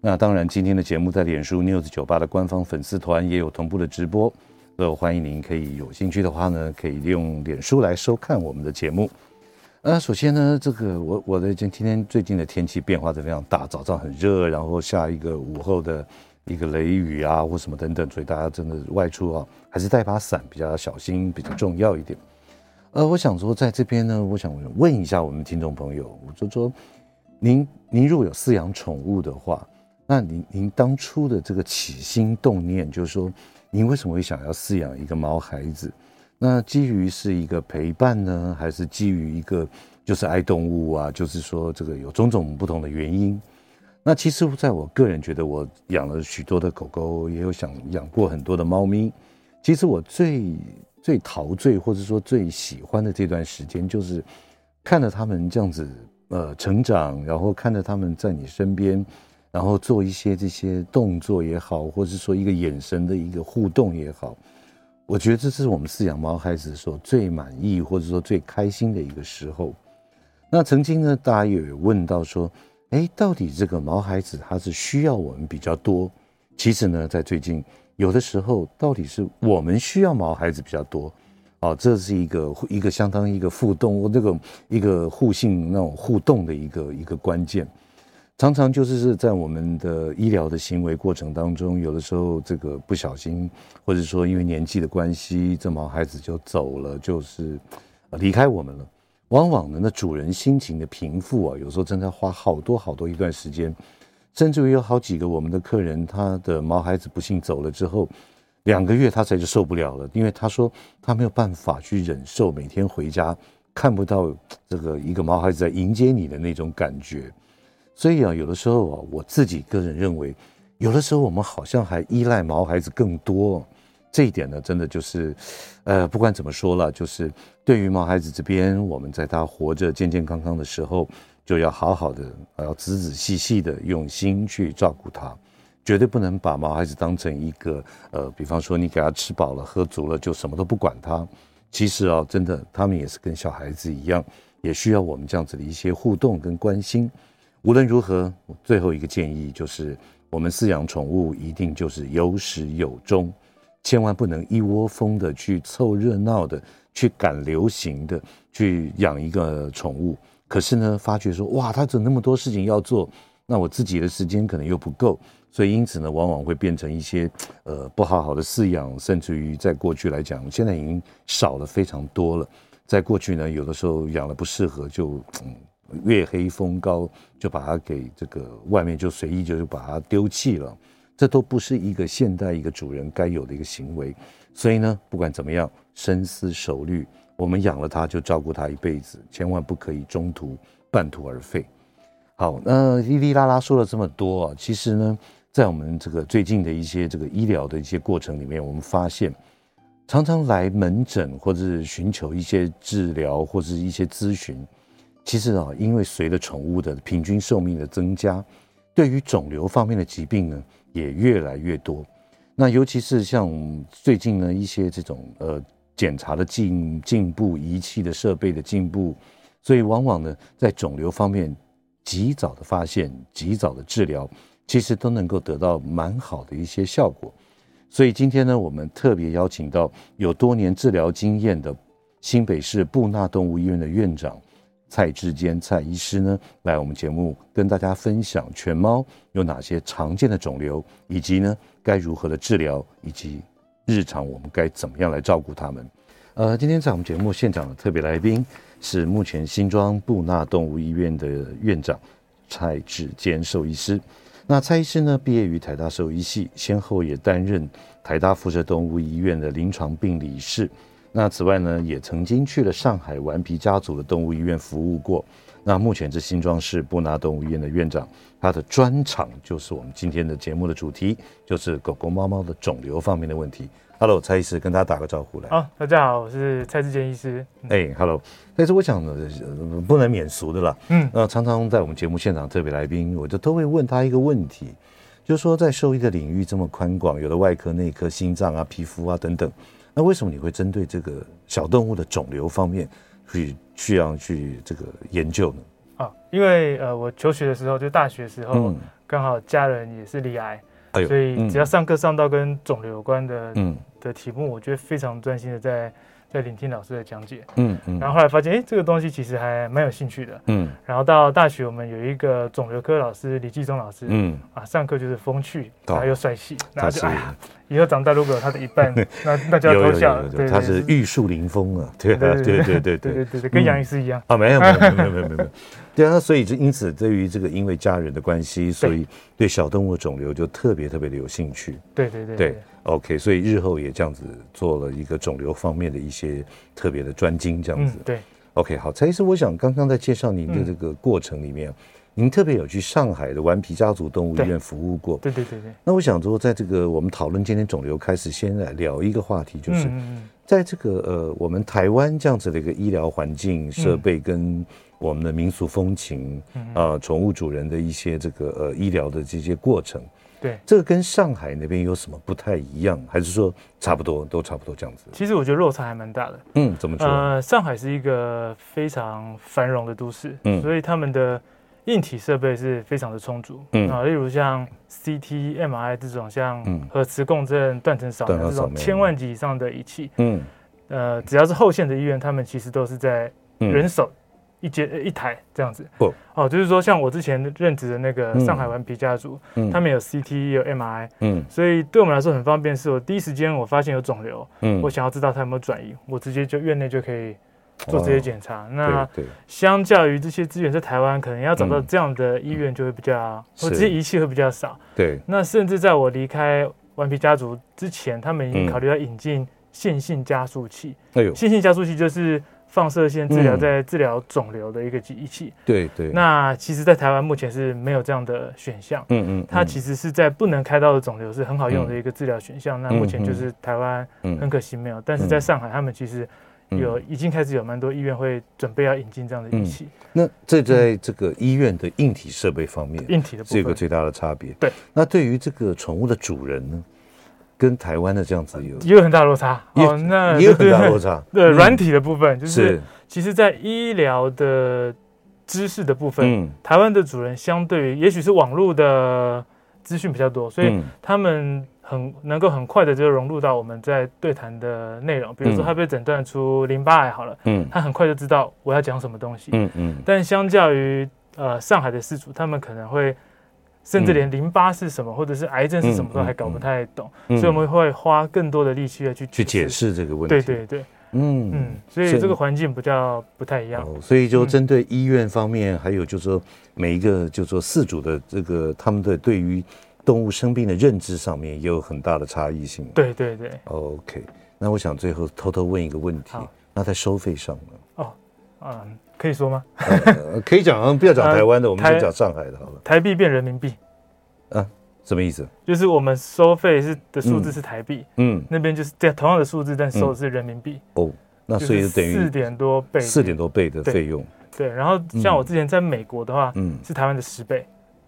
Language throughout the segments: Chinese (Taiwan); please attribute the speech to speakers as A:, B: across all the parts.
A: 那當然，今天的節目在臉書 News98 的官方粉絲團也有同步的直播，所以我歡迎您可以有興趣的話呢，可以用臉書來收看我們的節目。那首先呢，這個我我的今天最近的天氣變化的非常大，早上很熱，然後下一個午後的一個雷雨啊，或什麼等等，所以大家真的外出啊，還是帶把傘比較小心，比較重要一點。呃，我想說在這邊呢，我想問一下我們聽眾朋友，我就說您您如果有飼養寵物的話。那您您當初的這個起心動念，就是說，您為什麼會想要飼養一個毛孩子？那基於是一個陪伴呢，還是基於一個就是愛動物啊？就是說這個有種種不同的原因。那其實，在我個人覺得，我養了許多的狗狗，也有想養過很多的貓咪。其實我最最陶醉或者說最喜歡的這段時間，就是看着它們這樣子呃成長，然後看着它們在你身邊。然後做一些這些動作也好，或者說一個眼神的一個互動也好，我覺得這是我們飼養毛孩子所最滿意或者說最開心的一個時候。那曾經呢，大家也有問到說，哎，到底這個毛孩子他是需要我們比較多？其實呢，在最近有的時候，到底是我們需要毛孩子比較多啊。哦，這是一個一個相當於一個互動，我這個一個互信，那種互動的一個一個關鍵。常常就是是在我們的醫療的行為過程當中，有的時候這個不小心，或者說因為年紀的關係，這毛孩子就走了，就是離開我們了。往往呢，那主人心情的平復啊，有時候真的要花好多好多一段時間。甚至於有好幾個我們的客人，他的毛孩子不幸走了之後，兩個月他才就受不了了，因為他說他沒有辦法去忍受每天回家看不到這個一個毛孩子在迎接你的那種感覺。所以啊，有的時候啊，我自己個人認為，有的時候我們好像還依賴毛孩子更多。這一點呢，真的就是，呃，不管怎麼說了，就是對於毛孩子這邊，我們在他活着健健康康的時候，就要好好的，要仔仔細細的用心去照顧他，絕對不能把毛孩子當成一個呃，比方說你給他吃飽了、喝足了，就什麼都不管他。其實啊，真的，他們也是跟小孩子一樣，也需要我們這樣子的一些互動跟關心。無論如何，最後一個建議就是，我們飼養寵物一定就是有始有終，千萬不能一窩蜂的去湊熱鬧的，去趕流行的去養一個寵物。可是呢，發覺說，哇，他有那麼多事情要做，那我自己的時間可能又不夠，所以因此呢，往往會變成一些呃不好好的飼養，甚至於在過去來講，現在已經少了非常多了。在過去呢，有的時候養了不適合就嗯。月黑風高，就把它給這個外面就隨意，就是把它丟棄了。這都不是一個現代一個主人該有的一個行為。所以呢，不管怎麼樣，深思熟慮，我們養了它就照顧它一輩子，千萬不可以中途半途而廢。好，那哩哩啦啦說了這麼多啊，其實呢，在我們這個最近的一些這個醫療的一些過程裡面，我們發現，常常來門診或者是尋求一些治療或者是一些諮詢。其實啊，因為隨着寵物的平均壽命的增加，對於腫瘤方面的疾病呢，也越來越多。那尤其是像最近呢一些這種呃檢查的進進步，儀器的設備的進步，所以往往呢在腫瘤方面及早的發現，及早的治療，其實都能夠得到蠻好的一些效果。所以今天呢，我們特別邀請到有多年治療經驗的新北市布納動物醫院的院長。蔡志堅蔡醫師呢，來我們節目跟大家分享犬貓有哪些常見的腫瘤，以及呢該如何的治療，以及日常我們該怎麼樣來照顧它們呃，今天在我們節目現場的特別來賓是目前新莊布納動物醫院的院長蔡志堅獸醫師。那蔡醫師呢，畢業於台大獸醫系，先後也擔任台大輻射動物醫院的臨床病理醫師。那此外呢，也曾經去了上海頑皮家族的動物醫院服務過。那目前是新莊市布納動物醫院的院長，他的專長就是我們今天的節目的主題，就是狗狗、貓貓的腫瘤方面的問題。Hello，蔡醫師，跟大家打個招呼來。
B: 好、哦，大家好，我是蔡志堅醫師。
A: 哎、嗯欸、，Hello。但是我講的、呃、不能免俗的了。嗯，那、呃、常常在我們節目現場特別來賓，我就都會問他一個問題，就是說在獸醫的領域這麼寬廣，有的外科、內科、心臟啊、皮膚啊等等。那為什麼你會針對這個小動物的腫瘤方面去去要去這個研究呢？
B: 啊，因為呃，我求學的時候就大學的時候剛、嗯、好家人也是罹癌，哎、呦所以只要上課上到跟腫瘤有關的的題目，嗯、我覺得非常專心的在。在聆聽老師的講解，嗯嗯，然後後來發現，哎，這個東西其實還蠻有興趣的，嗯。然後到大學，我們有一個腫瘤科老師李繼忠老師，嗯啊，上課就是風趣，還有帥氣，他是，以後長大如果有他的一半，那那叫偷笑，他是玉樹臨風啊，
A: 對對對對對對，跟楊醫師一樣啊，沒有沒有沒有沒有沒
B: 有，對啊，
A: 所以就因此對於這個因為家人的關係，所以對小動物腫瘤就特別特別的有興趣，對對對對。OK，所以日後也這樣子做了一個腫瘤方面的一些特別的專精，這樣子。嗯、對，OK，好，蔡醫師，我想剛剛在介紹您的這個過程裡面，嗯、您特別有去上海的頑皮家族動物醫院服務過。對。對對對對。那我想說，在這個我們討論今天腫瘤開始先來聊一個話題，就是嗯嗯嗯在這個呃，我們台灣這樣子的一個醫療環境、設備跟我們的民俗風情啊、嗯嗯呃，寵物主人的一些這個呃醫療的這些過程。對，這個跟上海那邊有什麼不太一樣，還是說差不多，都差不多這樣子？其
B: 實我覺得落差還蠻大的。嗯，怎麼說？呃，上海是一個非常繁榮的都市，嗯，所以他們的硬體設備是非常的充足，嗯啊，例如像 CT、MRI 這種像核磁共振、斷層掃描這種千萬級以上的儀器，嗯，呃，只要是後線的醫院，他們其實都是在人手，一間一台這樣子不哦，就是說像我之前任職的那個上海頑皮家族，嗯嗯、他們有 CT 有 MRI 嗯，所以對我們來說很方便。是我第一時間我發現有腫瘤，嗯，我想要知道他有沒有轉移，我直接就院內就可以做這些檢查。哇那相較於這些資源，在台灣可能要找到這樣的醫院就會比較，我、嗯、這些儀器會比較少。對，那甚至在我離開頑皮家族之前，他們已經考慮到引進線性，性加速器。線、哎、呦性，性加速器就是。放射線治療在治療腫瘤的一個儀器，對對。那其實，在台灣目前是沒有這樣的選項。嗯嗯，它其實是在不能開刀的腫瘤是很好用的一個治療選項。那目前就是台灣很可惜沒有，但是在上海，他們其實有已經開始有蠻多醫院會準備要引進這樣的儀器。那這在
A: 這個醫院的硬體設備方面，硬體的部分有個最大的差別。嗯、對，那對於這個寵物的主人呢？跟台灣的這樣子有也有很大落差哦，那也有很大落差。也哦、那對軟體的部分，就是
B: 其實，在醫療的知識的部分，嗯、台灣的主人相對於，也許是網絡的資訊比較多，嗯、所以他們很能夠很快的就融入到我們在對談的內容。嗯、比如說，他被診斷出淋巴癌好了，嗯，他很快就知道我要講什麼東西，嗯嗯。嗯但相較於呃上海的事主，他們可能會。甚至連淋巴是什麼，或者是癌症是什麼，都還搞不太懂、嗯，嗯嗯、所以我們會花更多的力氣去去解釋這個問題。對對對，嗯嗯，嗯所以這個環境比較不太一樣。所以就針
A: 對醫院方面，還有就是說每一個就是說飼主的這個他們的對於動物生病的認知上面也有很大的差異性。對對對。OK，那我想最後偷偷問一個問題，好那在收費上呢？哦，啊、
B: 嗯。可以說嗎？
A: 可以講，不要講台灣的，我們就講上海的，好了。
B: 台幣變人民幣。
A: 啊？什麼意思？
B: 就是我們收費是的數字是台幣，嗯，那邊就是對，同樣的數字，但收的是人民幣。哦，那所以就等於四點多倍，四點多倍的費用。對，然後像我之前在美國的話，嗯，是台灣的十倍。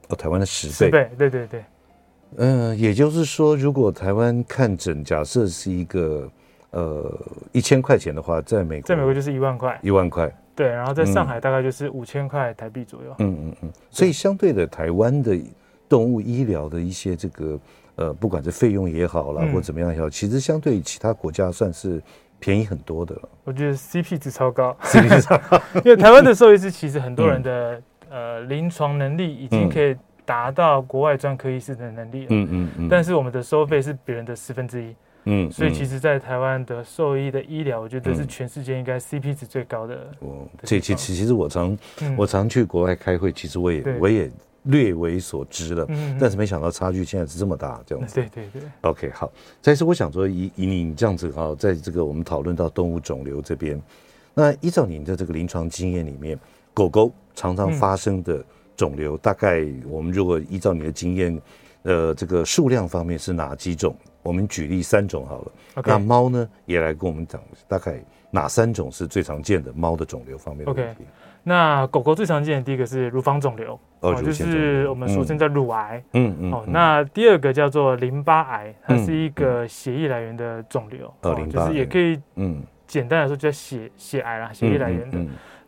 A: 哦，台灣的十倍，十倍，對對對。嗯，也就是說，如果台灣看診，假設是一個呃一千塊錢的話，在美，在
B: 美國就是一萬塊，一萬塊。對，然後在上海大概就是五千塊台幣左右。嗯嗯
A: 嗯，所以相對的，台灣的動物醫療的一些這個呃，不管是費用也好啦，嗯、或怎麼樣也好，其實相對於其他國家算是便宜很多的。
B: 我覺得 CP 值超高。CP 值超高， 因為台灣的獸醫師其實很多人的、嗯、呃臨床能力已經可以達到國外專科醫師的能力了。嗯嗯嗯。嗯嗯但是我們的收費是別人的十分之一。嗯，嗯所以其實，在台灣的獸醫的醫療，我覺得這是全世界應該 CP 值最高的。哦、嗯，這其
A: 其其實我常我常去國外開會，其實我也、嗯、我也略為所知了。嗯，但是沒想到差距現在是這麼大，這樣子、嗯。對對對。OK，好。但是我想說以，以以你這樣子啊，在這個我們討論到動物腫瘤這邊，那依照你的這個臨床經驗裡面，狗狗常常發生的腫瘤，嗯、大概我們如果依照你的經驗，呃，這個數量方面是哪幾種？我們舉例三種好了。那貓呢，也來跟我們講大概哪三種是最常見的貓的腫瘤方面問題？
B: 那狗狗最常見的第一個是乳房腫瘤，哦，就是我們俗稱叫乳癌，嗯嗯。哦，那第二個叫做淋巴癌，它是一個血液來源的腫瘤，哦，就是也可以，嗯，簡單來說就叫血血癌啦，血液來源的。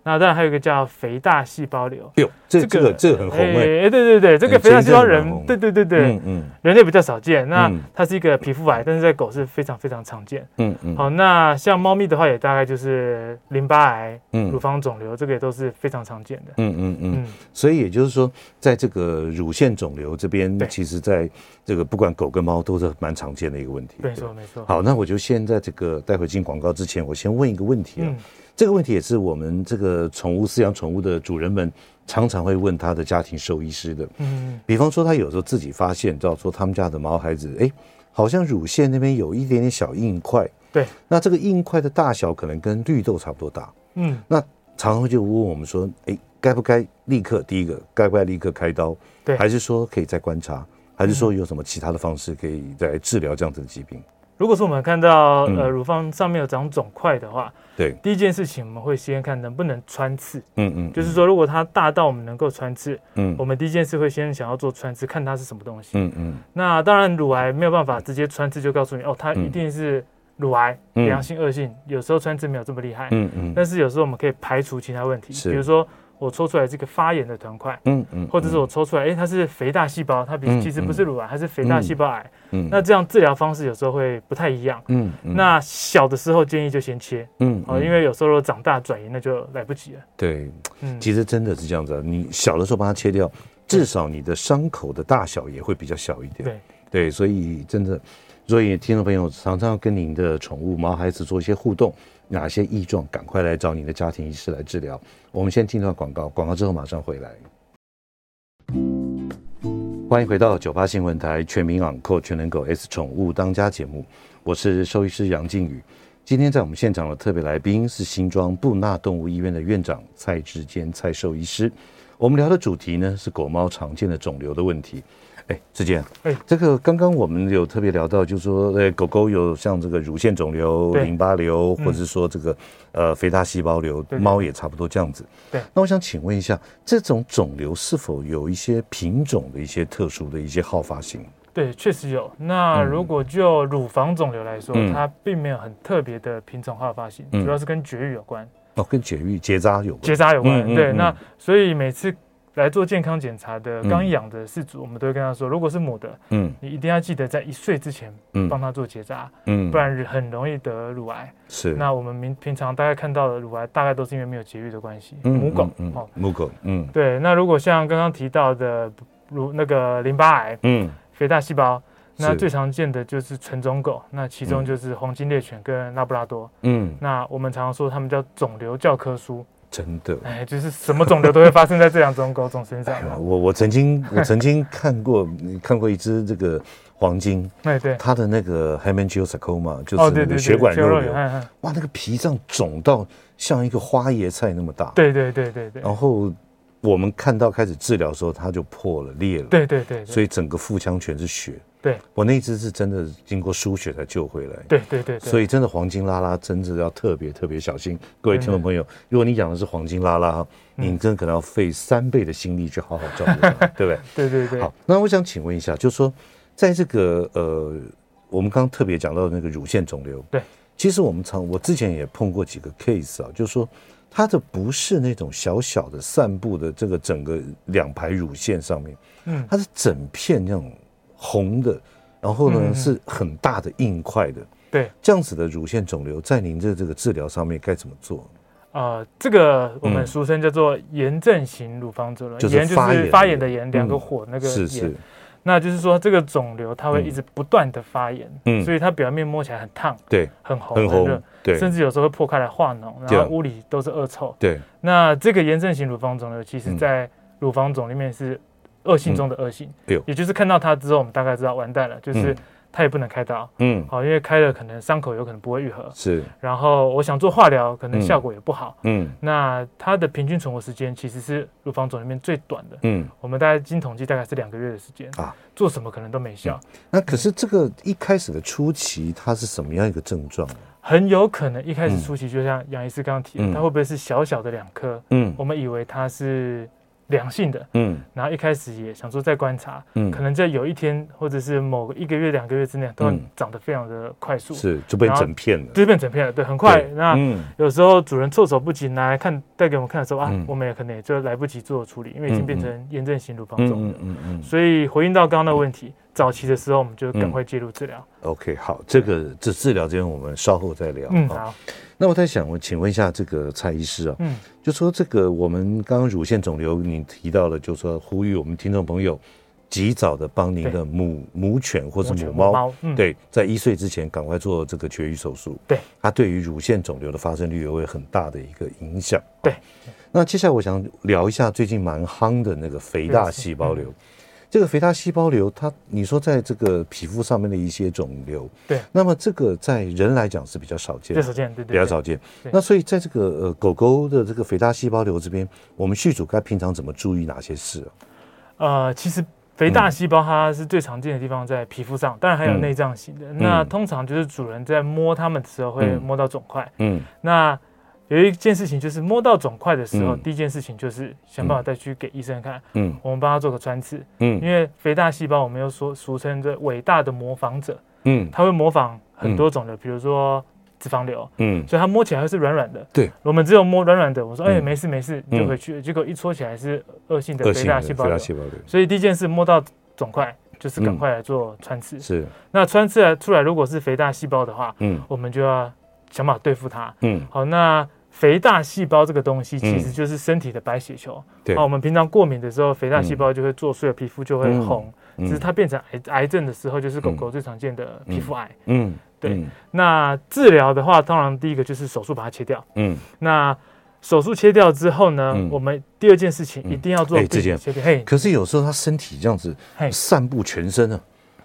B: 那當然還有一個叫肥大細胞瘤，哎呦，這個這個很紅誒，哎對對對，這個肥大細胞人對對對對，嗯嗯，人類比較少見，那它是一個皮膚癌，但是在狗是非常非常常見，嗯嗯，好，那像貓咪的話也大概就是淋巴癌、嗯，乳房腫瘤，這個也都是非常常見的，嗯嗯嗯，
A: 所以也就是說，在這個乳腺腫瘤這邊，其實在這個不管狗跟貓都是蠻常見的一個問題，沒錯沒錯。好，那我就現在這個待會進廣告之前，我先問一個問題啊。這個問題也是我們這個寵物飼養寵物的主人們常常會問他的家庭獸醫師的。嗯，比方說他有時候自己發現，到說他們家的毛孩子，哎，好像乳腺那邊有一點點小硬塊。對。那這個硬塊的大小可能跟綠豆差不多大。嗯。那常常會就問我們說，哎，該不該立刻？第一個，該不該立刻開刀？對。還是說可以再觀察？還是說有什麼其他的方式可以再治療這樣子的疾病？
B: 如果是我們看到呃乳房上面有長腫塊的話，對，第一件事情我們會先看能不能穿刺，嗯嗯，就是說如果它大到我們能夠穿刺，嗯，我們第一件事會先想要做穿刺，看它是什麼東西，嗯嗯。那當然，乳癌沒有辦法直接穿刺就告訴你，哦，它一定是乳癌，良性惡性，有時候穿刺沒有這麼厲害，嗯嗯。但是有時候我們可以排除其他問題，比如說。我抽出來這個發炎的團塊，嗯嗯，嗯嗯，或者是我抽出來，哎，它是肥大細胞，它比其實不是乳癌，嗯、它是肥大細胞癌、嗯。嗯，那這樣治療方式有時候會不太一樣。嗯，嗯，那小的時候建議就先切，嗯，嗯、哦，因為有時候長大轉移那就來不及了。
A: 對，嗯、其實真的是這樣子，啊，你小的時候把它切掉，至少你的傷口的大小也會比較小一點。嗯、對，對，所以真的，所以聽眾朋友常常跟您的寵物毛孩子做一些互動，哪些異狀，趕快來找你的家庭醫師來治療。我們先聽段廣告，廣告之後馬上回來。歡迎回到九八新聞台全民網購全能狗 S 寵物當家節目，我是獸醫師楊靜宇。今天在我們現場的特別來賓是新莊布納動物醫院的院長蔡志堅蔡獸醫師。我們聊的主題呢，是狗貓常見的腫瘤的問題。哎，智堅，哎，這個剛剛我們有特別聊到，就是說呃，狗狗有像這個乳腺腫瘤、淋巴瘤，或者是說這個呃肥大細胞瘤，貓也差不多這樣子。對，那我想請問一下，這種腫瘤是否有一些品種的一些特殊的一些好發性？
B: 對，確實有。那如果就乳房腫瘤來說，它並沒有很特別的品種好發性，主要是跟絕育有關。
A: 哦，跟絕育，結扎有關，結扎有關。對，那
B: 所以每次。來做健康檢查的剛養的飼主，嗯、我們都會跟他說，如果是母的，嗯，你一定要記得在一歲之前幫他，幫它做結紮，嗯，不然很容易得乳癌。是。那我們平平常大概看到的乳癌，大概都是因為沒有節育的關係，母狗，
A: 母狗，嗯，
B: 對。那如果像剛剛提到的如那個淋巴癌，嗯，肥大細胞，是那最常見的就是純種狗，那其中就是黃金獵犬跟拉布拉多，嗯，那我們常，常說它們叫腫瘤教科書。真的，哎，就是什麼腫瘤都會發生在這兩種狗種身上、 哎。我
A: 我曾經我曾經看過 看過一只這個黃金，對、哎、對，它的那個 hemangiosarcoma 就是那個血管肉瘤，哇，那個脾臟腫到像一個花椰菜那麼大。對對對對對。對對對對然後我們看到開始治療的時候，它就破了裂了。對對對。對對對所以整個腹腔全是血。對，我那一隻是真的經過輸血才救回來。對，對對對，所以真的黃金拉拉真的要特別特別小心。各位聽眾朋友，對對，如果你養的是黃金拉拉哈，嗯、你真的可能要費三倍的心力去好好照顧它，嗯、對不對？ 對對對。好，那我想請問一下，就是、說在這個呃，我們剛，剛特別講到的那個乳腺腫瘤，對，其實我們常，我之前也碰過幾個 case 啊，就是說它的不是那種小小的散布的這個整個兩排乳腺上面，嗯，它是整片那種。紅的，然後呢是很大的硬塊的，對，這樣子的乳腺腫瘤在您的這個治療上面該怎麼做？
B: 啊，這個我們俗稱叫做炎症型乳房腫瘤，炎就是發炎的炎，兩個火那個炎，是是，那就是說這個腫瘤它會一直不斷的發炎，嗯，所以它表面摸起來很燙，對，很紅很熱，對，甚至有時候會破開來化膿，然後屋裡都是惡臭，對。那這個炎症型乳房腫瘤其實在乳房腫裡面是。惡性中的惡性，也就是看到它之後，我們大概知道完蛋了，就是它也不能開刀，嗯，好，因為開了可能傷口有可能不會愈合，是。然後我想做化療，可能效果也不好，嗯。那它的平均存活時間其實是乳房腫瘤裡面最短的，嗯。我們大概經統計，大概是兩個月的時間啊。做什麼可能都沒效。
A: 那可是這個一開始的初期，它是什麼樣一個症狀
B: 呢？很有可能一開始初期就像楊醫師剛剛提的，它會不會是小小的兩顆？嗯，我們以為它是。良性的，嗯，然後一開始也想說再觀察，嗯，可能在有一天或者是某個一個月、兩個月之內，都長得非常的快速，是，就被整片了，就被整片了，對，很快。那有時候主人措手不及拿來看帶給我們看的時候啊，我們也可能也就來不及做處理，因為已經變成炎症型乳房腫了。嗯嗯嗯嗯。所以回應到剛剛的問題。早期的時候，我們就
A: 趕快介入治療。OK，好，這個這治療這邊我們稍後再聊。嗯，好。那我在想，我請問一下這個蔡醫師啊，嗯，就說這個我們剛剛乳腺腫瘤，您提到了，就說呼籲我們聽眾朋友，及早的幫您的母母犬或者母貓，對，在一歲之前趕快做這個絕育手術。對，它對於乳腺腫瘤的發生率也會很大的一個影響。對。那接下來我想聊一下最近蠻夯的那個肥大細胞瘤。這個肥大細胞瘤，它你說在這個皮膚上面的一些腫瘤，對，那麼這個在人來講是比較少見的，對，少見，對、對、對，比較少見。對、對、對，那所以在這個呃狗狗的這個肥大細胞瘤這邊，我們飼主該平常怎麼注意哪些
B: 事啊？呃，其實肥大細胞它是最常見的地方在皮膚上，嗯、當然還有內臟型的。嗯、那通常就是主人在摸它們的時候會摸到腫塊，嗯，嗯那。有一件事情就是摸到腫塊的時候，第一件事情就是想辦法再去給醫生看。嗯，我們幫他做個穿刺。嗯，因為肥大細胞，我們又說俗稱這偉大的模仿者。嗯，他會模仿很多種的，比如說脂肪瘤。嗯，所以它摸起來是軟軟的。對，我們只有摸軟軟的，我說哎，沒事沒事，就回去。結果一戳起來是惡性的肥大細胞瘤。所以第一件事摸到腫塊就是趕快來做穿刺。是。那穿刺來出來如果是肥大細胞的話，嗯，我們就要想辦法對付它。嗯，好那。肥大細胞這個東西其實就是身體的白血球。對，我們平常過敏的時候，肥大細胞就會作祟，皮膚就會紅。只是它變成癌癌症的時候，就是狗狗最常見的皮膚癌。嗯，對。那治療的話，當然第一個就是手術把它切掉。嗯，那手術切掉之後呢，我們第二件事情一定要做。哎，這件。嘿，
A: 可是有時候它身體這樣子散布全身呢。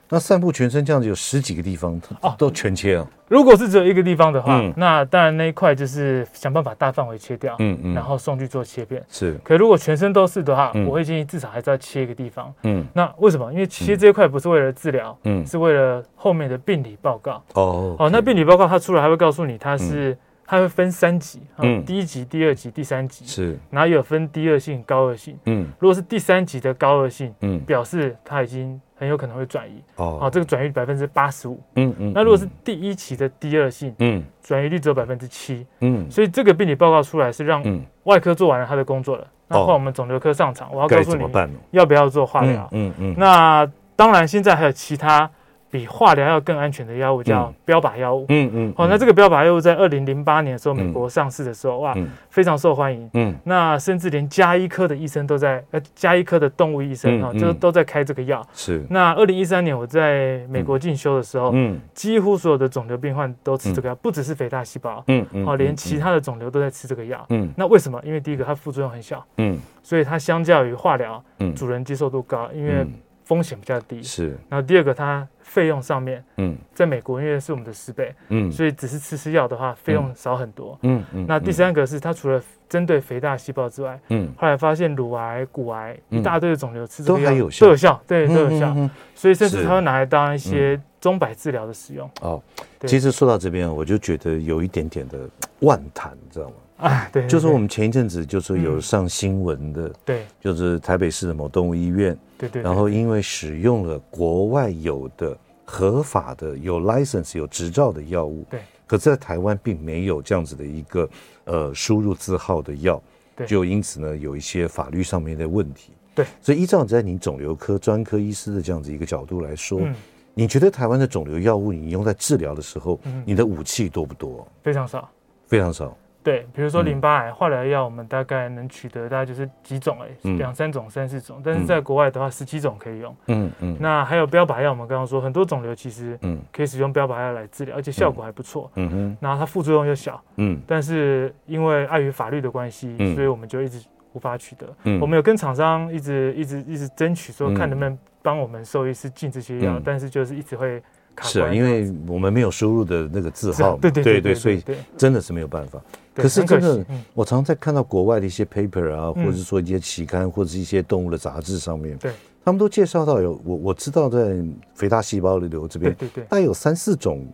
A: 那散布全身這樣子有十幾個地方哦，都全切了哦？
B: 如果是只有一個地方的話，嗯、那當然那一塊就是想辦法大範圍切掉，嗯嗯，嗯然後送去做切片。是，可是如果全身都是的話，嗯、我會建議至少還是要切一個地方。嗯，那為什麼？因為切這一塊不是為了治療，嗯，是為了後面的病理報告。哦、okay、哦，那病理報告它出來還會告訴你它是、嗯。它會分三級，第一級、第二級、第三級。是，然後有分低惡性、高惡性，嗯，如果是第三級的高惡性，嗯，表示它已經很有可能會轉移，啊，這個轉移百分之八十五，嗯嗯，那如果是第一期的低惡性，嗯，轉移率只有百分之七，嗯，所以這個病理報告出來是讓外科做完了他的工作了，那換我們腫瘤科上場，我要告訴你要不要做化療，嗯嗯，那當然現在還有其他。比化療要更安全的藥物叫標靶藥物。嗯嗯。哦，那這個標靶藥物在二零零八年的時候美國上市的時候哇，非常受歡迎。嗯。那甚至連家醫科的醫生都在呃，家醫科的動物醫生啊，就都在開這個藥。是。那二零一三年我在美國進修的時候，嗯，幾乎所有的腫瘤病患都吃這個藥，不只是肥大細胞。嗯嗯。哦。連其他的腫瘤都在吃這個藥。嗯。那為什麼？因為第一個它副作用很小。嗯。所以它相較於化療，嗯，主人接受度高，因為風險比較低。是。然後第二個它。費用上面，嗯，在美國因為是我們的十倍，嗯，所以只是吃吃藥的話，費用少很多，嗯，那第三個是它除了針對肥大細胞之外，嗯，後來發現乳癌、骨癌一大堆的腫瘤吃這個藥都有效，都有效，對，都有效。所以甚至它會拿來當一些鐘擺治療的使用。哦，其實
A: 說到這邊，我就覺得有一點點的萬談，你知道
B: 嗎？哎，對，就是
A: 我們前一陣子就是有上新聞的，對，就是台北市的某動物醫院，對對，然後因為使用了國外有的合法的有 license 有執照的藥物，對。可是，在台灣並沒有這樣子的一個呃輸入字號的藥，對就因此呢，有一些法律上面的問題，對，所以依照在你腫瘤科專科醫師的這樣子一個角度來說，嗯，你覺得台灣的腫瘤藥物你用在治療的時候，嗯嗯，你的武器多不多？
B: 非常少，非常少。對，比如說淋巴癌化療、嗯、藥，我們大概能取得，大概就是幾種、欸，哎、嗯，兩三種、三四種。但是在國外的話，十幾種可以用。嗯嗯。嗯，那還有標靶藥，我們剛剛說很多腫瘤其實嗯可以使用標靶藥來治療，而且效果還不錯。嗯，嗯，嗯然後它副作用又小。嗯。但是因為礙於法律的關係，嗯、所以我們就一直無法取得。嗯、我們有跟廠商一直一直一直爭取說，說、嗯、看能不能幫我們獸醫師進這些藥，嗯、但是就是一直會。是啊，因為
A: 我們沒有輸入的那個字號，對對對，所以真的是沒有辦法。可是真的，我常常在看到國外的一些 paper 啊，或者說一些期刊或者是一些動物的雜誌上面，對，他們都介紹到有我我知道在肥大細胞的瘤這邊，對對大概有三四種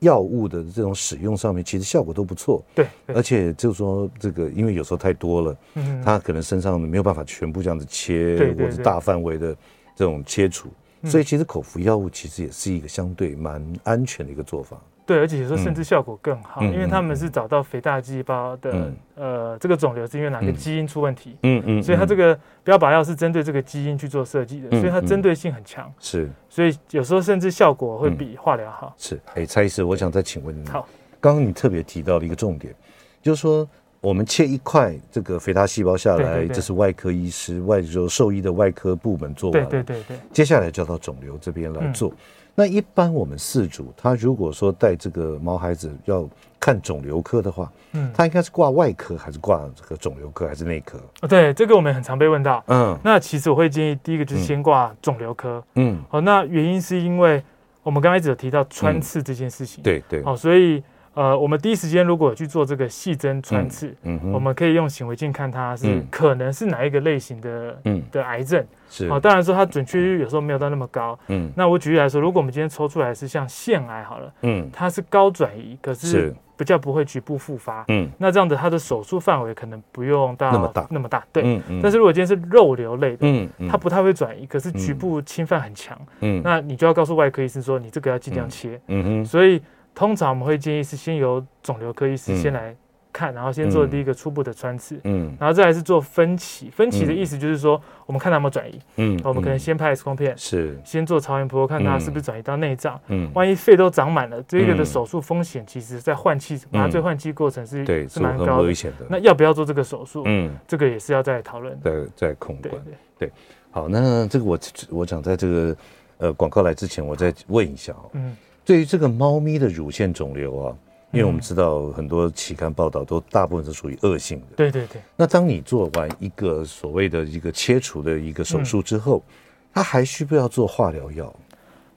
A: 藥物的這種使用上面，其實效果都不錯。對，而且就是說這個，因為有時候太多了，嗯，他可能身上沒有辦法全部這樣子切或者大範圍的這種切除。所以其實口服藥物其實也是一個相對蠻安全的一個做法。對，而且有時候甚至效果更好，嗯、因為
B: 他們是找到肥大細胞的、嗯、呃這個腫瘤是因為哪個基因出問題。嗯嗯。嗯嗯所以它這個標靶藥是針對這個基因去做設計的，嗯嗯、所以它針對性很強。是、嗯。嗯、所以有時候甚至效果會比化療好、嗯。
A: 是。哎、欸，蔡醫師，我想再請問你。好。剛剛你特別提到了一個重點，就是說。我們切一塊這個肥大細胞下來，這對是外科醫師，外就獸醫的外科部門做。對對對對。接下來就要到腫瘤這邊來做。嗯、那一般我們飼主，他如果說帶這個毛孩子要看腫瘤科的話，嗯，他應該是掛外科還是掛這個腫瘤科還是內科？
B: 哦、對，這個我們很常被問到。嗯，那其實我會建議，第一個就是先掛腫瘤科。嗯，好，那原因是因為我們剛才只有提到穿刺這件事情。嗯、對對。好，所以。呃，我們第一時間如果去做這個細針穿刺，嗯，我們可以用顯微鏡看它是可能是哪一個類型的的癌症，是啊。當然說它準確率有時候沒有到那麼高，嗯。那我舉例來說，如果我們今天抽出來是像腺癌好了，嗯，它是高轉移，可是比較不會局部復發，嗯。那這樣子它的手術範圍可能不用到那麼大，那麼大，對，嗯，但是如果今天是肉瘤類的，嗯，它不太會轉移，可是局部侵犯很強，嗯。那你就要告訴外科醫生說，你這個要盡量切，嗯嗯，所以。通常我們會建議是先由腫瘤科醫師先來看，然後先做第一個初步的穿刺，嗯，然後再來是做分期，分期的意思就是說，我們看他有沒有轉移，嗯，我們可能先拍 X 光片，是，先做超聲波看他是不是轉移到內臟，嗯，萬一肺都長滿了，這個的手術風險其實，在換氣麻醉換氣過程是，對，是蠻高危險的。那要不要做這個手術？嗯，這個也是要再討論，再再控管，
A: 對，好，那這個我我想在這個呃廣告來之前，我再問一下啊，嗯。對於這個貓咪的乳腺腫瘤啊，因為我們知道很多期刊報道都大部分是屬於惡性的。嗯、對對對。那當你做完一個所謂的一個切除的一個手術之後，嗯、它還需不需要做化療藥？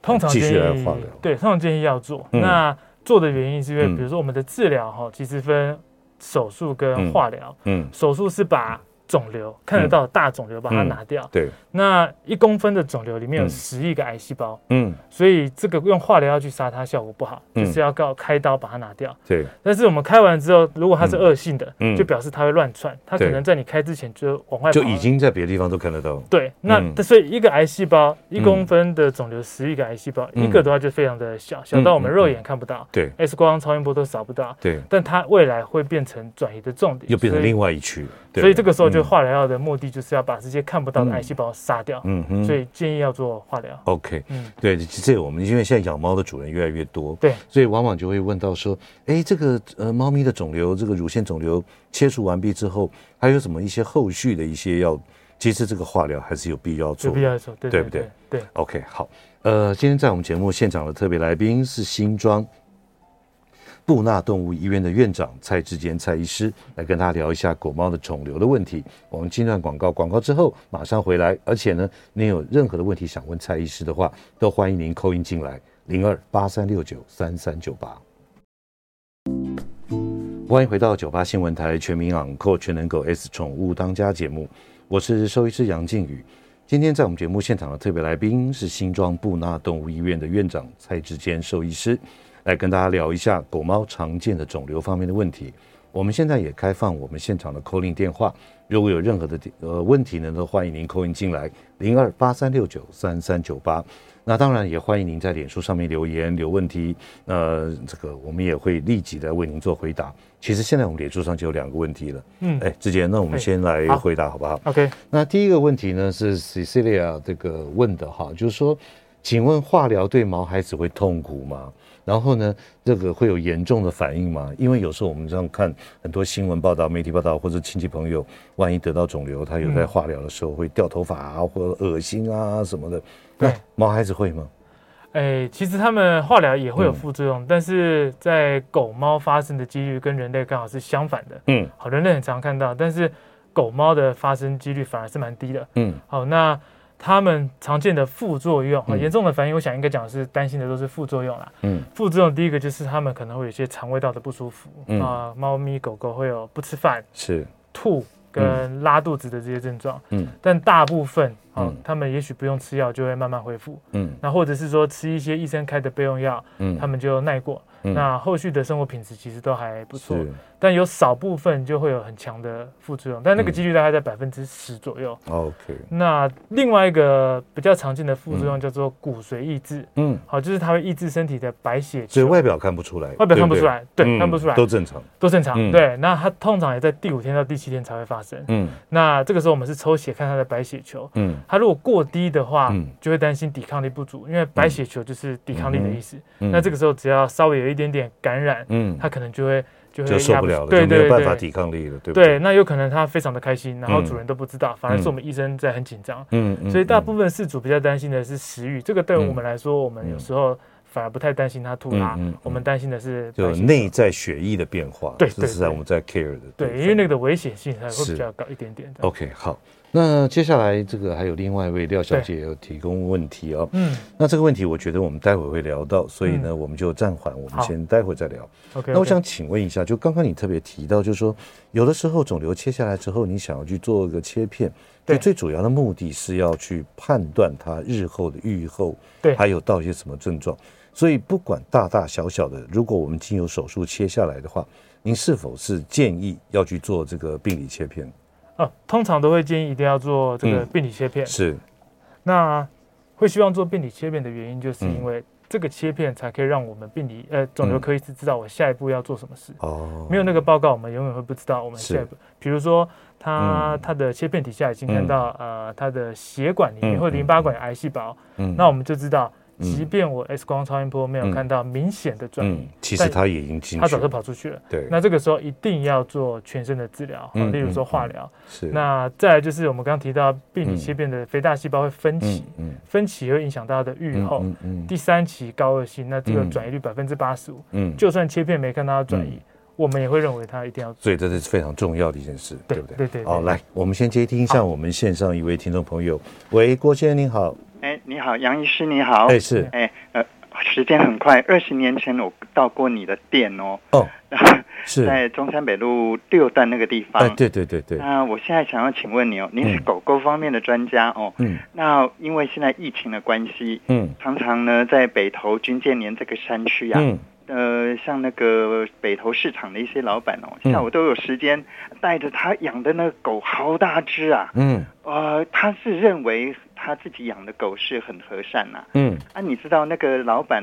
B: 通常建議來化療。對，通常建議要做。嗯、那做的原因是因為，比如說我們的治療哈、哦，嗯、其實分手術跟化療。嗯。嗯手術是把。腫瘤看得到大腫瘤，把它拿掉。對，那一公分的腫瘤裡面有十億個癌細胞。嗯，所以這個用化療要去殺它效果不好，就是要靠開刀把它拿掉。對，但是我們開完之後，如果它是惡性的，就表示它會亂竄，它可能在你開之前就往外跑。就已
A: 經在別的地方都看得
B: 到。對，那所以一個癌細胞，一公分的腫瘤，十億個癌細胞，一個的話就非常的小，小到我們肉眼看不到。對，X 光、超音波都掃不到。對，但它未來會變成轉移的重點，又變成另外一區。所以這個時候就化療藥的目的就是要把這些看不到的癌細胞殺掉。嗯嗯。嗯，所以建議要做化療。
A: OK。嗯。對，這我們因為現在養貓的主人越來越多，對，所以往往就會問到說，哎，這個呃貓咪的腫瘤，這個乳腺腫瘤切除完畢之後，還有什麼一些後續的一些要，其實這個化療還是有必要做。有必要做，對，對不對？對。對對 OK，好。呃，今天在我們節目現場的特別來賓是新莊。布納動物醫院的院長蔡志堅蔡醫師來跟大家聊一下狗貓的腫瘤的問題。我們進段廣告，廣告之後馬上回來。而且呢，您有任何的問題想問蔡醫師的話，都歡迎您 call in 進來零二八三六九三三九八。歡迎回到九八新聞台全民朗扣全能狗 S 寵物當家節目，我是獸醫師楊靜宇。今天在我們節目現場的特別來賓是新莊布納動物醫院的院長蔡志堅獸醫師。來跟大家聊一下狗貓常見的腫瘤方面的問題。我們現在也開放我們現場的口令電話，如果有任何的呃問題呢，都歡迎您扣 a 進來，零二八三六九三三九八。那當然也歡迎您在臉書上面留言留問題，呃，這個我們也會立即的為您做回答。其實現在我們臉書上就有兩個問題了，嗯，哎，志杰，那我們先來回答好不好,好？OK。那第一個問題呢是 Cecilia 這個問的哈，就是說，請問化療對毛孩子會痛苦嗎？然後呢，這個會有嚴重的反應嗎？因為有時候我們這樣看很多新聞報道、媒體報道，或者親戚朋友，萬一得到腫瘤，他有在化療的時候會掉頭髮啊，或者噁心啊什麼的。對，貓孩子會嗎？哎、
B: 欸，其實他們化療也會有副作用，嗯、但是在狗貓發生的幾率跟人類剛好是相反的。嗯，好，人類很常看到，但是狗貓的發生幾率反而是蠻低的。嗯，好，那。他們常見的副作用啊，嚴重的反應，我想應該講是擔心的都是副作用啦。嗯，副作用第一個就是他們可能會有一些腸胃道的不舒服、嗯、啊，貓咪狗狗會有不吃飯、是吐跟拉肚子的這些症狀。嗯，但大部分啊，嗯、他們也許不用吃藥就會慢慢恢復。嗯，那或者是說吃一些醫生開的備用藥，嗯、他們就耐過。嗯、那後續的生活品質其實都還不錯。但有少部分就會有很強的副作用，但那個幾率大概在百分之十左右。OK。那另外一個比較常見的副作用叫做骨髓抑制。嗯。好，就是它會抑制身體的白血球。所以外表看不出來，外表看不出來，對，看不出來。都正常，都正常。對。那它通常也在第五天到第七天才會發生。嗯。那這個時候我們是抽血看它的白血球。嗯。它如果過低的話，就會擔心抵抗力不足，因為白血球就是抵抗力的意思。那這個時候只要稍微有一點點感染，嗯，它可能就會。就受不了了，沒有辦法抵抗力了，對不對？對，那有可能他非常的開心，然後主人都不知道，反而是我們醫生在很緊張，嗯，所以大部分事主比較擔心的是食欲，這個對於我們來說，我們有時候反而不太擔心他吐啦，我們擔心的是
A: 就內在血液的變化，對，這是在我們在 care 的，對，
B: 因為那個危險性還會比較高一點點。
A: OK，好。那接下來這個還有另外一位廖小姐有提供問題哦。嗯，那這個問題我覺得我們待會會聊到，所以呢，我們就暫緩，我們先待會再聊。嗯。OK。那我想請問一下，就剛剛你特別提到，就是說有的時候腫瘤切下來之後，你想要去做一個切片，對，最主要的目的是要去判斷它日後的預後，對，還有到一些什麼症狀。所以不管大大小小的，如果我們經由手術切下來的話，您是否是建議要去做這個病理切片？
B: 哦、呃，通常都會建議一定要做這個病理切片。嗯、是，那會希望做病理切片的原因，就是因為這個切片才可以讓我們病理、嗯、呃腫瘤科醫師知道我下一步要做什麼事。哦，沒有那個報告，我們永遠會不知道我們下一步。是。比如說他，它它、嗯、的切片底下已經看到、嗯、呃它的血管裡面或淋巴管癌細胞，嗯、那我們就知道。即便我 X 光、超音波沒有看到明顯的轉移，其實它也已經進，它早就跑出去了。對，那這個時候一定要做全身的治療，例如說化療。是。那再來就是我們剛剛提到病理切片的肥大細胞會分歧，分歧會影響到它的預後。第三期高惡性，那這個轉移率百分之八十五。嗯。就算切片沒看到它轉移，我們也會認為它一定要。
A: 所以這是非常重要的一件事，對不對？對對。好，來，我們先接聽一下我們線上一位聽眾朋友。喂，郭先生您好。
C: 哎，你好，楊醫師，你好。哎，是。哎，呃，時間很快，二十年前我到過你的店哦。
A: 哦。啊、是。在
C: 中山北路六段那個地方。
A: 對對對對。那
C: 我現在想要請問你哦，您是狗狗方面的專家哦。嗯。那因為現在疫情的關係，嗯，常常呢在北投軍艦岩這個山區呀、啊，嗯，呃，像那個北投市場的一些老闆哦，下午、嗯、都有時間帶着他養的那個狗，好大隻啊。嗯。呃，他是認為。他自己養的狗是很和善吶、啊，嗯，啊，你知道那個老板，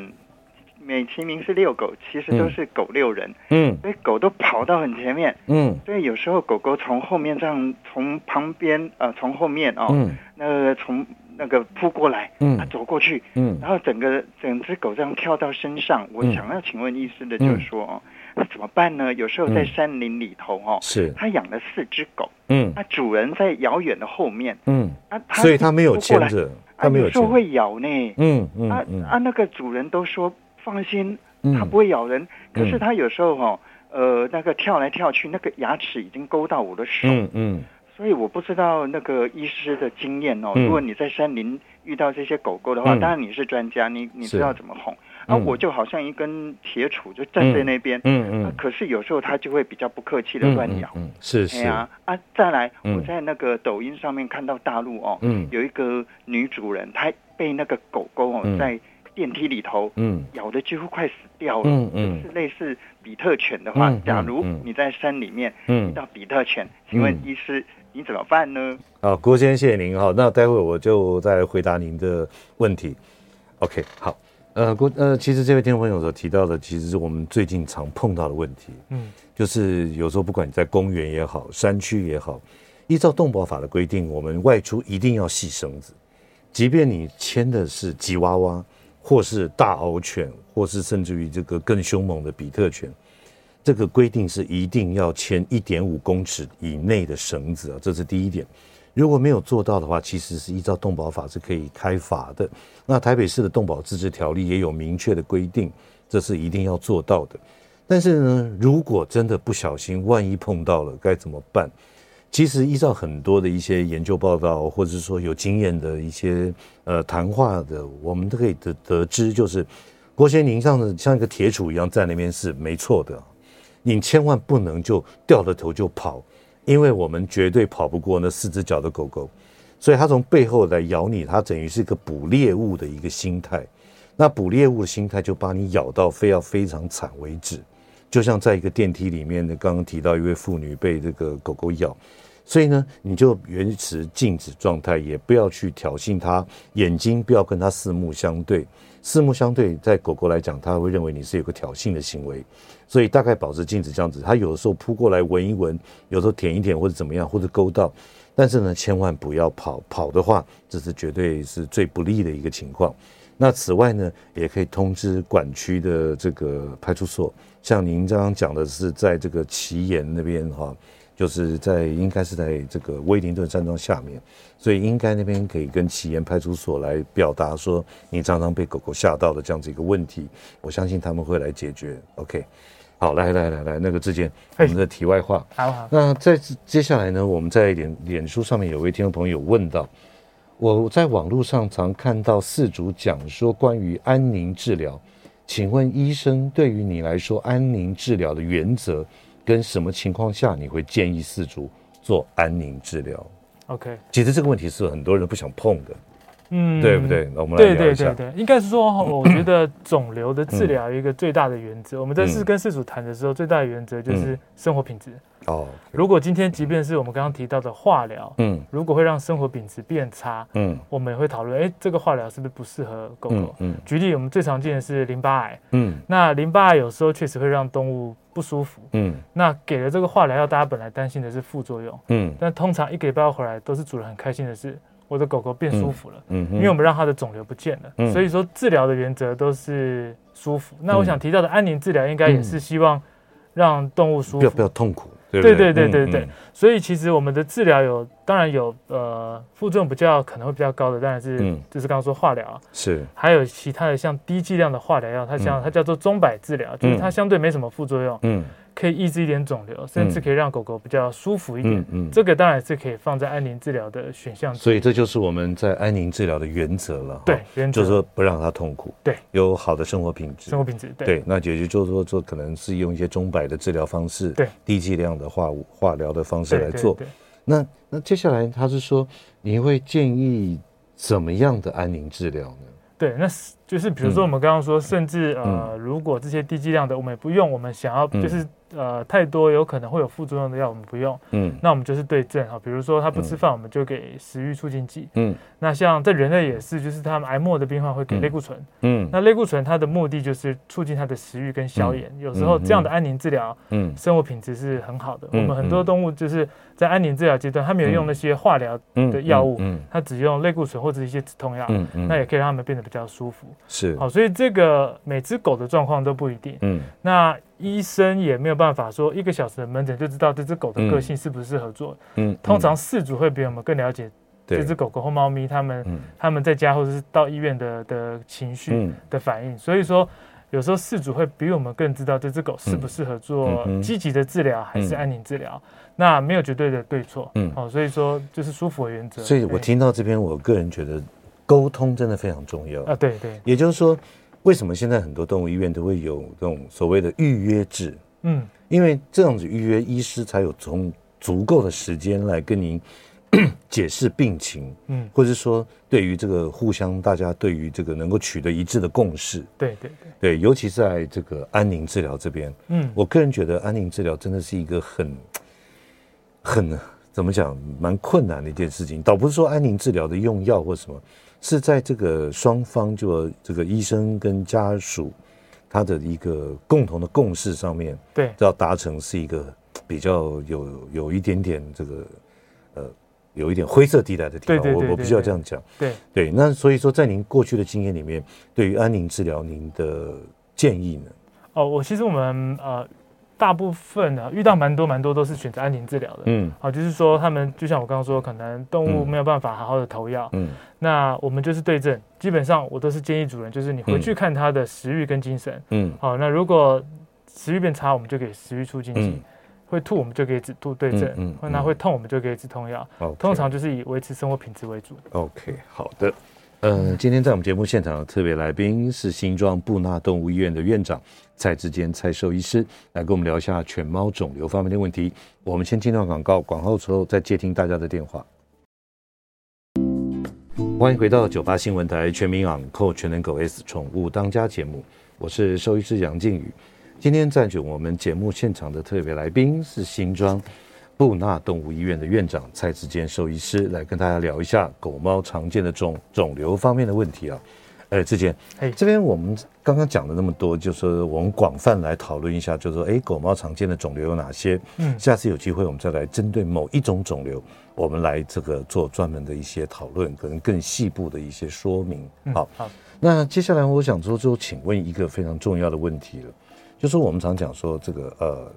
C: 美其名是遛狗，其實都是狗遛人，嗯，所以狗都跑到很前面，嗯，所以有時候狗狗從後面這樣，從旁邊呃，從後面哦，嗯、那個從那個撲過來，嗯，啊，走過去，嗯，然後整個整隻狗這樣跳到身上，我想要請問醫師的就是說哦。那怎麼辦呢？有時候在山林裡頭哦，是，他養了四隻狗，嗯，那主人在遙遠的後面，嗯，啊，所以他沒有牽著，他沒有啊，有時候會咬呢，嗯嗯，啊啊，那個主人都說放心，他不會咬人，可是他有時候哈，呃，那個跳來跳去，那個牙齒已經勾到我的
B: 手，嗯，
C: 所以我不知道那個醫師的經驗哦，如果你在山林遇到這些狗狗的話，當然你是專家，你你知道怎麼哄。啊，我就好像一根鐵杵，就站在那邊。嗯嗯。可是有時候他就會比較不客氣的亂咬。
A: 嗯，是是。哎呀，
C: 啊，再來，我在那個抖音上面看到大陸哦，有一個女主人，她被那個狗狗哦，在電梯裡頭，嗯，咬得幾乎快死掉了。嗯，就是類似比特犬的話，假如你在山裡面遇到比特犬，請問醫師你怎麼辦呢？好，郭先
A: 生，謝謝您哈。那待會我就再回答您的問題。OK，好。呃，呃，其實這位聽眾朋友所提到的，其實是我們最近常碰到的問題。嗯，就是有時候不管你在公園也好，山區也好，依照動保法的規定，我們外出一定要繫繩子。即便你牽的是吉娃娃，或是大獒犬，或是甚至於這個更凶猛的比特犬，這個規定是一定要牽一點五公尺以內的繩子啊，這是第一點。如果沒有做到的話，其實是依照動保法是可以開罰的。那台北市的動保自治條例也有明確的規定，這是一定要做到的。但是呢，如果真的不小心，萬一碰到了該怎麼辦？其實依照很多的一些研究報告，或者是說有經驗的一些呃談話的，我們都可以得得知，就是郭先寧這樣的像一個鐵杵一樣在那邊是沒錯的，你千萬不能就掉了頭就跑。因為我們絕對跑不過那四隻腳的狗狗，所以它從背後來咬你，它等於是一個捕獵物的一個心態。那捕獵物的心態就把你咬到非要非常慘為止。就像在一個電梯裡面呢，剛剛提到一位婦女被這個狗狗咬。所以呢，你就維持靜止狀態，也不要去挑釁它，眼睛不要跟它四目相對。四目相對，在狗狗來講，它會認為你是有個挑釁的行為。所以大概保持靜止這樣子。它有的時候撲過來聞一聞，有時候舔一舔或者怎麼樣，或者勾到，但是呢，千萬不要跑。跑的話，這是絕對是最不利的一個情況。那此外呢，也可以通知管區的這個派出所。像您剛剛講的是在這個奇岩那邊哈。就是在應該是在這個威靈頓山莊下面，所以應該那邊可以跟企業派出所來表達說，你常常被狗狗嚇到的這樣子一個問題，我相信他們會來解決。OK，好，來來來來，那個智堅我們的題外話，好好。那在接下來呢，我們在臉臉書上面有位聽眾朋友有問到，我在網絡上常看到飼主講說關於安寧治療，請問醫生對於你來說，安寧治療的原則，跟什麼情況下你會建議飼主做安寧治療？OK，其實這個問題是很多人不想碰的，嗯，對不對？那我們來聊一下。對對對對，
B: 應該是說，我覺得腫瘤的治療有一個最大的原則，我們在跟飼主談的時候，最大的原則就是生活品質。哦，如果今天即便是我們剛剛提到的化療，嗯，如果會讓生活品質變差，嗯，我們也會討論，哎，這個化療是不是不適合狗狗？嗯，舉例我們最常見的是淋巴癌，嗯，那淋巴癌有時候確實會讓動物。不舒服，嗯，那給了這個化療藥，大家本來擔心的是副作用，嗯，但通常一給包回來，都是主人很開心的事，我的狗狗變舒服了，嗯，嗯嗯，因為我們讓它的腫瘤不見了，嗯、所以說治療的原則都是舒服。嗯、那我想提到的安寧治療，應該也是希望讓動物舒服。嗯嗯、不要不要痛苦。對對，對對對對對，對，嗯嗯、所以其實我們的治療有，當然有呃副作用比較可能會比較高的，但是就是剛剛說化療，是、嗯、還有其他的像低劑量的化療藥，它叫、嗯、它叫做鐘擺治療，就是它相對沒什麼副作用。嗯。嗯。可以抑制一點腫瘤，甚至可以讓狗狗比較舒服一點。嗯，這個當然是可以放在安寧治療的選項。
A: 所以這就是我們在安寧治療的原則了。對，原則就是說不讓他痛苦。對，有好的生活品質。生活品質，對。那解決就是說，做可能是用一些鐘擺的治療方式，對，低劑量的化物化療的方式來做。那那接下來他是說，你會建議怎麼樣的安寧治療呢？
B: 對，那是就是比如說我們剛剛說，甚至呃，如果這些低劑量的我們也不用，我們想要就是。呃，太多有可能會有副作用的藥我們不用，嗯，那我們就是對症哈，比如說他不吃飯，我們就給食慾促進劑，嗯，那像在人類也是，就是他們癌末的病患會給類固醇，嗯，嗯那類固醇它的目的就是促進它的食慾跟消炎，嗯嗯、有時候這樣的安寧治療，嗯，生活品質是很好的。嗯嗯、我們很多動物就是在安寧治療階段，它沒有用那些化療的藥物，嗯，嗯，它、嗯嗯、只用類固醇或者一些止痛藥、嗯，嗯，那也可以讓它們變得比較舒服，是，好，所以這個每隻狗的狀況都不一定，嗯，那。醫生也沒有辦法說一個小時的門診就知道這只狗的個性適、嗯、不適合做。嗯，嗯通常飼主會比我們更了解這只狗狗或貓咪，他們、嗯、他們在家或者是到醫院的的情緒的反應。嗯、所以說有時候飼主會比我們更知道這只狗適不適合做積極的治療還是安寧治療。嗯嗯嗯嗯、那沒有絕對的對錯。嗯，好、哦，所以說就是舒服的原則。所以我聽
A: 到這邊，我個人覺得溝通真的非常重要啊。對對，也就是說。為什麼現在很多動物醫院都會有這種所謂的預約制？嗯，因為這樣子預約，醫師才有從足夠的時間來跟您 解釋病情，嗯，或者說對於這個互相大家對於這個能夠取得一致的共識。
B: 對對
A: 對，對，尤其在這個安寧治療這邊，嗯，我個人覺得安寧治療真的是一個很很。怎麼講，蠻困難的一件事情。倒不是說安寧治療的用藥或什麼，是在這個雙方就這個醫生跟家屬他的一個共同的共識上面，對，要達成是一個比較有有一點點這個呃，有一點灰色地帶的地方。對。我我必須要這樣講。對對，對，那所以說，在您過去的經驗裡面，對於安寧治療，您的建議呢？
B: 哦，我其實我們呃。大部分呢、啊、遇到蠻多蠻多都是選擇安寧治療的，嗯，好，就是說他們就像我剛剛說，可能動物沒有辦法好好的投藥，嗯，那我們就是對症，基本上我都是建議主人，就是你回去看他的食慾跟精神，嗯，好，那如果食慾變差，我們就給食慾促進劑；嗯、會吐，我們就可以止吐對症；嗯嗯、或他會痛，我們就可以止痛藥。哦、嗯，通常就是以維持生活品質為主。Okay.
A: OK，好的，嗯、呃，今天在我們節目現場的特別來賓是新莊布納動物醫院的院長。蔡志堅，蔡獸醫師來跟我們聊一下犬貓腫瘤方面的問題。我們先聽段廣告，廣告之後再接聽大家的電話。歡迎回到九八新聞台全民網購全能狗 S 寵物當家節目，我是獸醫師楊靜宇。今天站進我們節目現場的特別來賓是新莊布納動物醫院的院長蔡志堅獸醫師，來跟大家聊一下狗貓常見的腫腫瘤方面的問題啊。哎、欸，這邊哎，這邊我們剛剛講了那麼多，就是我們廣泛來討論一下，就是說，哎、欸，狗貓常見的腫瘤有哪些？嗯，下次有機會我們再來針對某一種腫瘤，我們來這個做專門的一些討論，可能更細部的一些說明。嗯、好，好，那接下來我想說，就請問一個非常重要的問題了，就是我們常講說這個呃，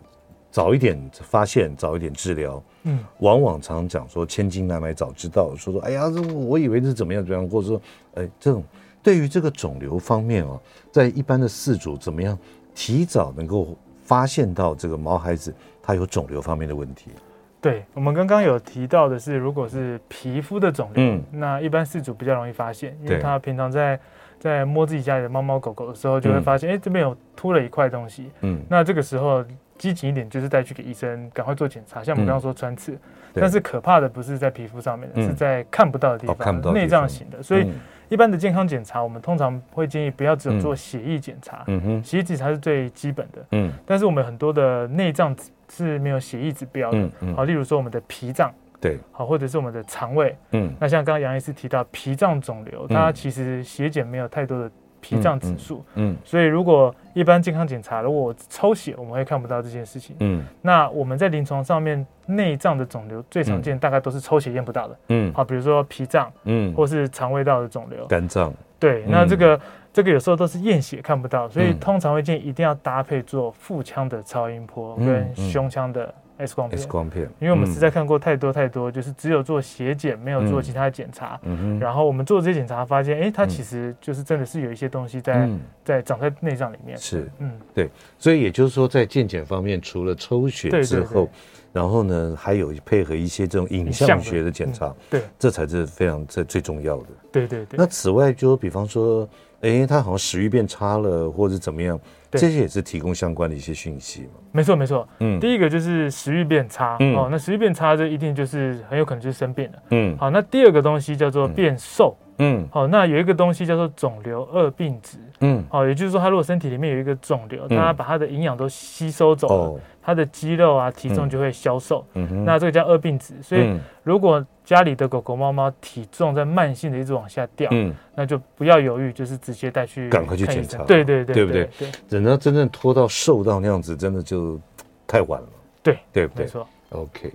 A: 早一點發現，早一點治療。嗯，往往常講說千金難買早知道，說說哎呀，這我以為是怎麼樣怎麼樣，或者說哎、欸、這種。對於這個腫瘤方面啊、哦，在一般的飼主，怎麼樣提早能夠發現到這個毛孩子它有腫瘤方面的問題？
B: 對，我們剛剛有提到的是，如果是皮膚的腫瘤，嗯、那一般飼主比較容易發現，嗯、因為他平常在在摸自己家裡的貓貓狗狗的時候，就會發現哎、嗯、這邊有凸了一塊東西。嗯，那這個時候積極一點就是帶去給醫生趕快做檢查，像我們剛剛說穿刺。嗯、但是可怕的不是在皮膚上面的，嗯、是在看不到的地方，哦、看不到地方，內臟型的，所以。嗯一般的健康檢查，我們通常會建議不要只有做血液檢查，嗯嗯、血液檢查是最基本的。嗯，但是我們很多的內臟是沒有血液指標的。嗯嗯、好，例如說我們的脾臟，對，好或者是我們的腸胃。嗯，那像剛剛楊醫師提到脾臟腫瘤，嗯、它其實血檢沒有太多的。脾臟指數，嗯，嗯，所以如果一般健康檢查，如果抽血，我們會看不到這件事情，嗯，那我們在臨床上面內臟的腫瘤最常見，大概都是抽血驗不到的，嗯，好，比如說脾臟，嗯，或是腸胃道的腫瘤，肝臟燥，對，那這個，嗯，這個有時候都是驗血看不到，所以通常會建議一定要搭配做腹腔的超音波跟胸腔的。X 光片，X 光片，X 光片，因為我們實在看過太多太多，嗯、就是只有做血檢，沒有做其他的檢查。嗯哼。然後我們做這些檢查，發現哎、欸，它其實就是真的是有一些東西在、嗯、在長在內臟裡面。是，嗯，
A: 對。所以也就是說，在健檢方面，除了抽血之後，對對對，然後呢，還有配合一些這種影像學的檢查的、嗯，對，這才是非常最最重要的。對對對。那此外，就比方說，哎、欸，他好像食慾變差了，或者怎麼樣。這些也是提供相關的一些訊息嗎？
B: 沒錯，沒錯。嗯，第一個就是食欲變差，哦，那食欲變差，這一定就是很有可能就是生病了。嗯，好，那第二個東西叫做變瘦。嗯嗯，好，那有一個東西叫做腫瘤惡病質。嗯，好，也就是說，它如果身體裡面有一個腫瘤，它把它的營養都吸收走了，它的肌肉啊，體重就會消瘦。嗯，那這個叫惡病質。所以，如果家裡的狗狗、貓貓體重在慢性的一直往下掉，那就不要猶豫，就是直接帶去趕快去檢查。對對對，對不對？
A: 等到真正拖到瘦到那樣子，真的就太晚了。對對，沒錯。OK，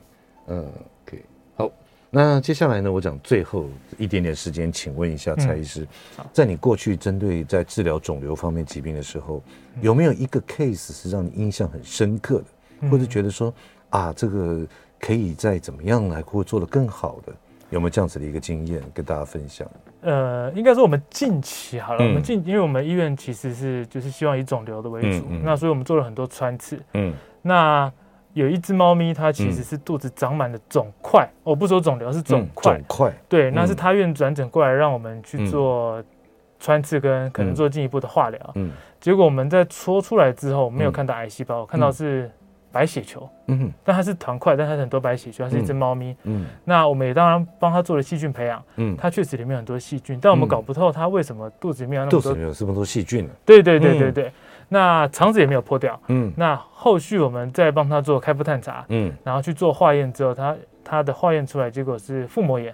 A: 嗯，OK。那接下來呢，我講最後一點點時間，請問一下蔡醫師，嗯、在你過去針對在治療腫瘤方面疾病的時候，嗯、有沒有一個 case 是讓你印象很深刻的，嗯、或者覺得說啊，這個可以再怎麼樣來或會做得更好的，有沒有這樣子的一個經驗跟大家分享？呃，
B: 應該說我們近期好了，嗯、我們近，因為我們醫院其實是就是希望以腫瘤的為主，嗯嗯、那所以我們做了很多穿刺，嗯，那。有一隻貓咪，它其實是肚子長滿了腫塊，我不說腫瘤，是腫塊，腫塊對，那是它院轉診過來讓我們去做穿刺跟可能做進一步的化療。嗯，結果我們在戳出來之後，沒有看到癌細胞，看到是白血球。嗯哼，但它是團塊，但它很多白血球，它是一隻貓咪。嗯，那我們也當然幫它做了細菌培養。嗯，它確實裡面很多細菌，但我們搞不透它為什麼肚子裡面有
A: 那麼多細菌。對對對對對。
B: 那腸子也沒有破掉，嗯，那後續我們再幫他做開腹探查，嗯，然後去做化驗之後，他他的化驗出來結果是腹膜炎，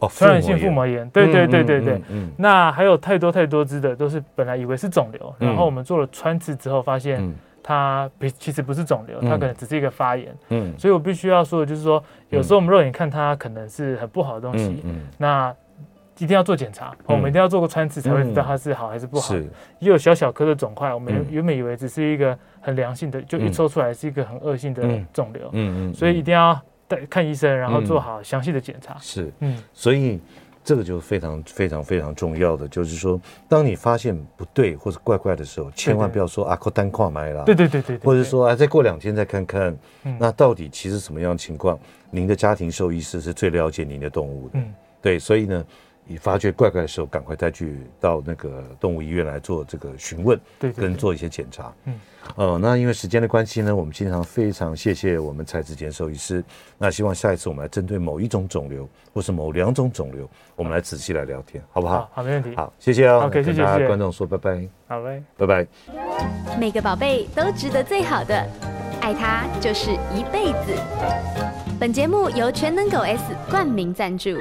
B: 哦，傳染性腹膜炎，嗯、對對對對對，嗯嗯、那還有太多太多隻的都是本來以為是腫瘤，嗯、然後我們做了穿刺之後發現、嗯、它其實不是腫瘤，它可能只是一個發炎，嗯，所以我必須要說的就是說，有時候我們肉眼看它可能是很不好的東西，嗯，嗯嗯那。一定要做檢查，我們一定要做個穿刺，才會知道它是好還是不好。是，也有小小顆的腫塊，我們原本以為只是一個很良性的，就一抽出來是一個很惡性的腫瘤。嗯嗯，所以一定要帶看醫生，然後做好詳細的檢查。
A: 是，嗯，所以這個就非常非常非常重要的，就是說，當你發現不對或者怪怪的時候，千萬不要說啊，靠單跨買了。對對對對，或者是說啊，再過兩天再看看，嗯，那到底其實什麼樣的情況？您的家庭獸醫師是最了解您的動物的。嗯，對，所以呢。你發覺怪怪的時候，趕快帶去到那個動物醫院來做這個詢問，對，跟做一些檢查。
B: 對
A: 對對。嗯，呃，那因為時間的關係呢，我們今天非常謝謝我們蔡志堅獸醫師。那希望下一次我們來針對某一種腫瘤，或是某兩種腫瘤，我們來仔細來聊天，嗯、好不好？好，好，沒問題。好，謝謝哦。好 Okay，謝謝觀眾說拜拜。
B: 好嘞，
A: 拜拜。
C: 每個寶貝都值得最好的，愛它就是一輩子。本節目由全能狗 S 冠名贊助。